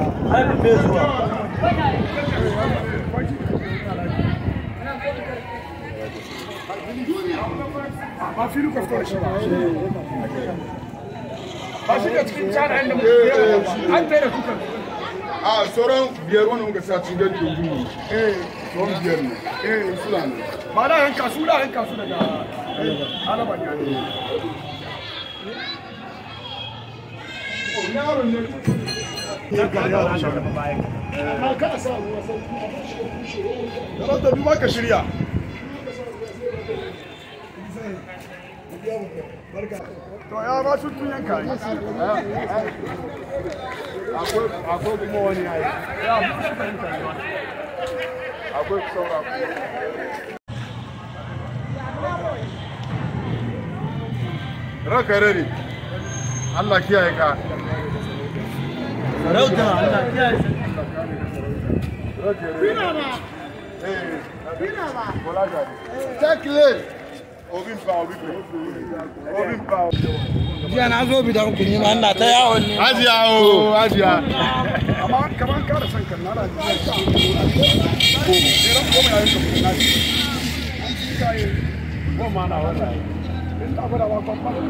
har bai zuwa amma fili da cikin eh eh Garanta duba ka shirya. To ya ba su tun yanka Akwai kuma wani yayi. Akwai saura. Raka Allah kiyaye ka. Sarauta Allah kiyaye Take lane. Obin power, Obin power. Jiya na zo bidan ku ma ina ta yawo ne. Ajiya o, ajiya. Amma kaman ka da san kan na da. Ko, ne ran ko mai ayyuka na. Ai ji kai. Ko ma na wannan. akwai kuma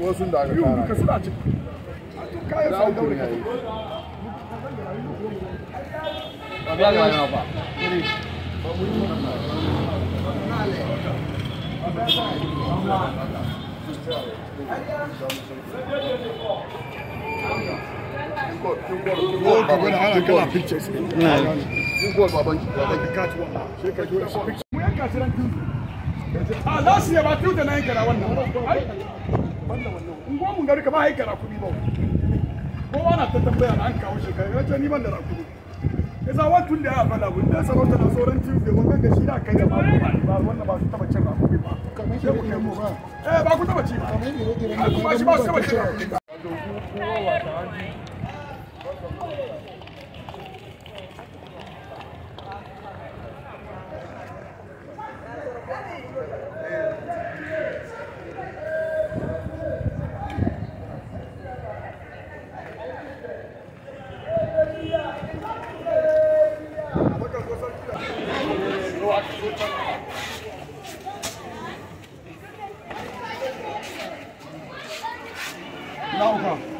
wasu da Thank you. Gold, when I had a na yankara wannan. Ai, wannan wannan. Unguwa mun gari kamar haikara kuɗi ba. Kowa na ta tambaya na an kawo shekaru. Ya ni ban da rakumi. yasa watun da ya fada mun da sarauta na sauran tuesday wannan da shi da kai da ba ba wannan ba su ba ba ba eh ba ku taba ba kuma shi ba su taba ba Não, não.